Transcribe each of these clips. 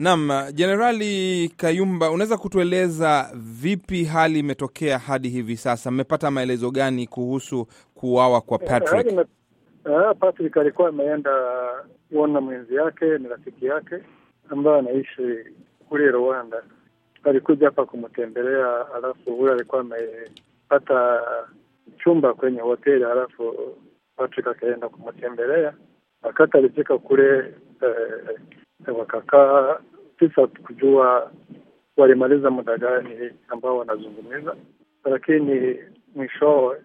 Naam, uh, Jenerali Kayumba, unaweza kutueleza vipi hali imetokea hadi hivi sasa? Mmepata maelezo gani kuhusu kuuawa kwa eh, Patrick? Eh, me, Patrick alikuwa ameenda kuona mwenzi yake, ni rafiki yake ambayo anaishi kule Rwanda. Alikuja hapa kumtembelea, alafu huyo alikuwa amepata chumba kwenye hoteli, alafu Patrick akaenda kumtembelea. Wakati alifika kule eh, wakakaa tisa kujua walimaliza muda gani ambao wanazungumza, lakini mwisho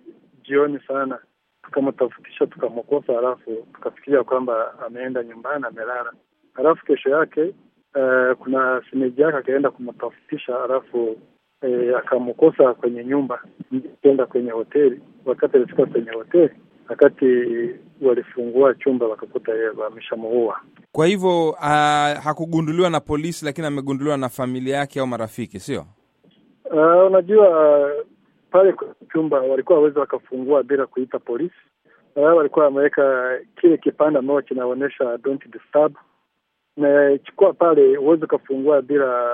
jioni sana tukamtafutisha tukamkosa, halafu tukafikiria kwamba ameenda nyumbani amelala. Halafu kesho yake uh, kuna simeji yake akaenda kumtafutisha, halafu uh, akamkosa kwenye nyumba, kenda kwenye hoteli. Wakati alifika kwenye hoteli, wakati walifungua chumba, wakakuta yeye ameshamuua. Kwa hivyo uh, hakugunduliwa na polisi, lakini amegunduliwa na familia yake au marafiki, sio? Uh, unajua pale chumba walikuwa waweza wakafungua bila kuita polisi. Uh, walikuwa wameweka kile kipande ambacho kinaonyesha don't disturb, na chukua pale, huwezi ukafungua bila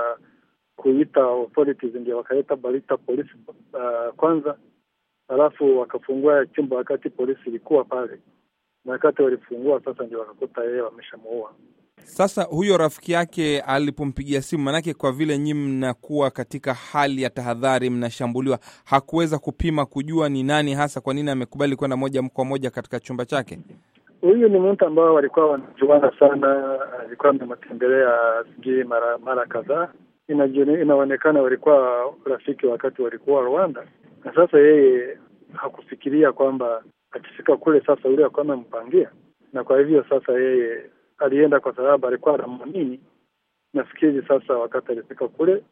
kuita authorities, ndio wakaleta balita polisi uh, kwanza, alafu wakafungua chumba wakati polisi ilikuwa pale na wakati walifungua sasa ndio wakakuta yeye wameshamuua. Sasa huyo rafiki yake alipompigia simu, manake kwa vile nyi mnakuwa katika hali ya tahadhari, mnashambuliwa, hakuweza kupima kujua ni nani hasa. Kwa nini amekubali kwenda moja kwa moja katika chumba chake? Huyu ni mtu ambao walikuwa wanajuana sana, alikuwa amematembelea sijui mara mara kadhaa. Inaonekana walikuwa rafiki wakati walikuwa Rwanda, na sasa yeye hakufikiria kwamba akifika kule sasa yule alikuwa amempangia, na kwa hivyo sasa yeye alienda kwa sababu alikuwa anaamini. Nafikiri sasa wakati alifika kule,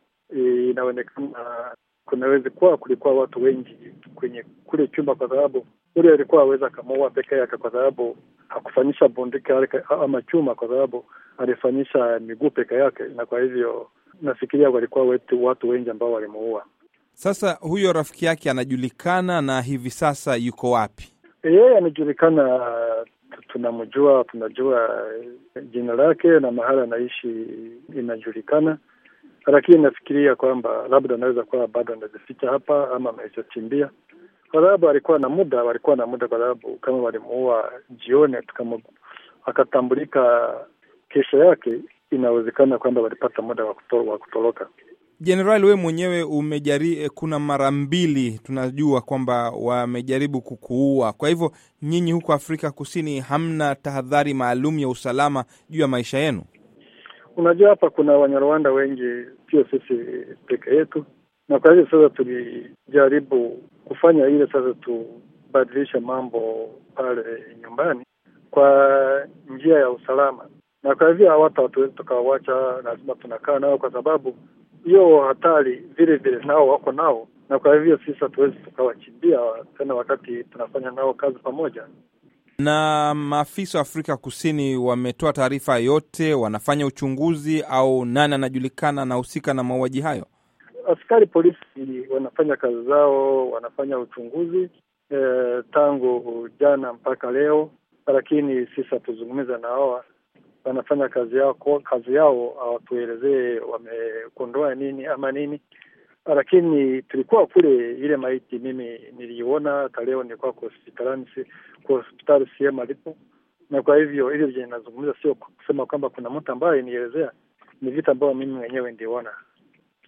inaonekana kunaweza kuwa kulikuwa watu wengi kwenye kule chumba, kwa sababu yule alikuwa aweza akamuua peke yake, kwa sababu hakufanyisha bunduki ama chuma, kwa sababu alifanyisha miguu peke yake, na kwa hivyo nafikiria walikuwa wetu watu wengi ambao walimuua. Sasa huyo rafiki yake anajulikana na hivi sasa yuko wapi? Yeye anajulikana, tunamjua, tunajua jina lake na mahali anaishi inajulikana, lakini nafikiria kwamba labda anaweza kuwa bado anajificha hapa ama ameshachimbia, kwa sababu alikuwa na muda, walikuwa na muda, kwa sababu kama walimuua jioni akatambulika kesho yake, inawezekana kwamba walipata muda wa kutoroka. Jenerali, wewe mwenyewe umejari, eh, kuna mara mbili tunajua kwamba wamejaribu kukuua. Kwa hivyo nyinyi huko Afrika Kusini hamna tahadhari maalum ya usalama juu ya maisha yenu? Unajua, hapa kuna Wanyarwanda wengi, sio sisi peke yetu, na kwa hivyo sasa tulijaribu kufanya ile sasa tubadilishe mambo pale nyumbani kwa njia ya usalama, na kwa hivyo hawata hatuwezi tukawacha, lazima tunakaa nao kwa sababu hiyo hatari vile vile nao wako nao, na kwa hivyo sisi hatuwezi tukawachimbia tena wakati tunafanya nao kazi pamoja. Na maafisa wa Afrika Kusini wametoa taarifa yote, wanafanya uchunguzi au nani anajulikana anahusika na mauaji hayo? Askari polisi wanafanya kazi zao, wanafanya uchunguzi e, tangu jana mpaka leo, lakini sisi hatuzungumza na hawa wanafanya kazi yao, kazi yao hawatuelezee ah, wamekondoa nini ama nini, lakini tulikuwa kule, ile maiti mimi niliona taleo nilikuwa kwa hospitali kwa hospitali sehemu malipo na kwa hivyo hili vyenye nazungumza sio kusema kwamba kuna mtu ambaye nielezea, ni vitu ambavyo mimi mwenyewe ndiona.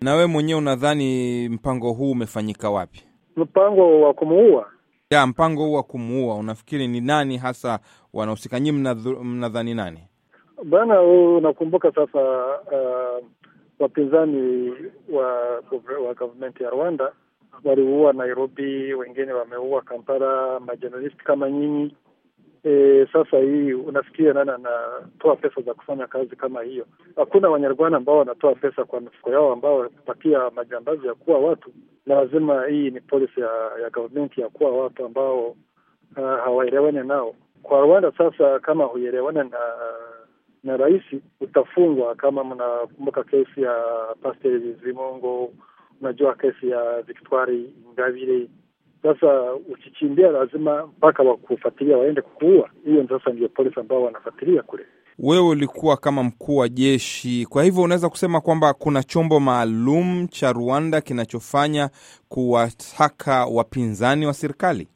Na we mwenyewe unadhani mpango huu umefanyika wapi? Mpango wa kumuua ya mpango huu wa kumuua, unafikiri ni nani hasa wanahusika? Nyinyi mnadhani nani? Bana, unakumbuka sasa uh, wapinzani wa, wa government ya Rwanda waliua Nairobi, wengine wameua Kampala, majournalist kama nyinyi. E, sasa hii unafikia nani anatoa pesa za kufanya kazi kama hiyo? Hakuna Wanyarwanda ambao wanatoa pesa kwa mifuko yao ambao wanapatia majambazi ya kuwa watu. Lazima hii ni polisi ya, ya government ya kuwa watu ambao uh, hawaelewani nao kwa Rwanda. Sasa kama huelewani na na rais utafungwa. Kama mnakumbuka kesi ya Pastor Zimongo, unajua kesi ya Victoire Ingabire. Sasa ukichimbia lazima mpaka wakufuatilia waende kukuua. Hiyo sasa ndio polisi ambao wanafuatilia kule. Wewe ulikuwa kama mkuu wa jeshi, kwa hivyo unaweza kusema kwamba kuna chombo maalum cha Rwanda kinachofanya kuwasaka wapinzani wa serikali.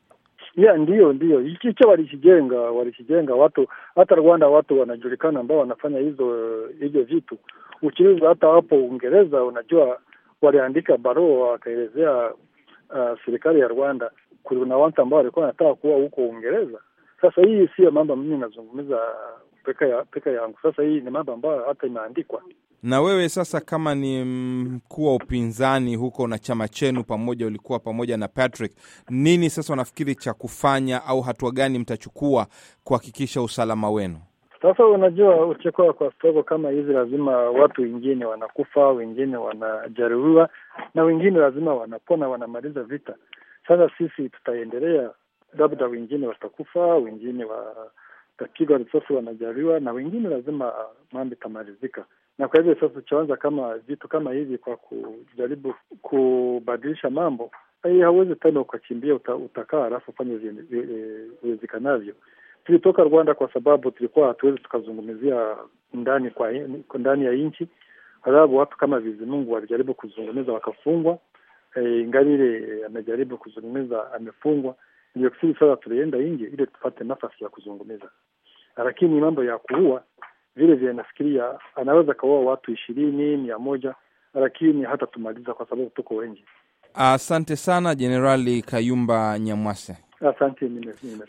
Yeah, ndiyo ndiyo, hicho walikijenga walikijenga watu, hata Rwanda watu wanajulikana ambao wanafanya hizo hivyo vitu. Ukiuza hata hapo Uingereza, unajua waliandika barua wakaelezea uh, serikali ya Rwanda kuna watu ambao walikuwa wanataka kuwa huko Uingereza. Sasa hii sio mambo mimi nazungumza peke ya peke yangu. Sasa hii ni mambo ambayo hata imeandikwa. Na wewe sasa, kama ni mkuu wa upinzani huko na chama chenu pamoja, ulikuwa pamoja na Patrick, nini sasa unafikiri cha kufanya au hatua gani mtachukua kuhakikisha usalama wenu? Sasa unajua, uchekua kwa sababu kama hizi, lazima watu wengine wanakufa, wengine wanajeruhiwa, na wengine lazima wanapona, wanamaliza vita. Sasa sisi tutaendelea, labda wengine watakufa, wengine wa kupigwa risasi wanajariwa, na wengine lazima ah, mambo itamalizika. Na kwa hivyo sasa tuchaanza kama vitu kama hivi kwa kujaribu kubadilisha mambo, hauwezi tena ukachimbia uta, utakaa alafu ufanye uwezekanavyo. Tulitoka Rwanda kwa sababu tulikuwa hatuwezi tukazungumzia ndani kwa ndani ya nchi, halafu watu kama Bizimungu walijaribu kuzungumza wakafungwa. E, eh, Ingabire amejaribu kuzungumza amefungwa. Niliyokusudi sasa tulienda nje ili tupate nafasi ya kuzungumza, lakini mambo ya kuua vile vile nafikiria anaweza kaua watu ishirini mia moja lakini hata tumaliza kwa sababu tuko wengi. Asante sana Jenerali Kayumba nyamwase asante. Nimeshukuru.